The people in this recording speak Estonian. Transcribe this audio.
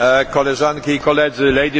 E, koleżanki i koledzy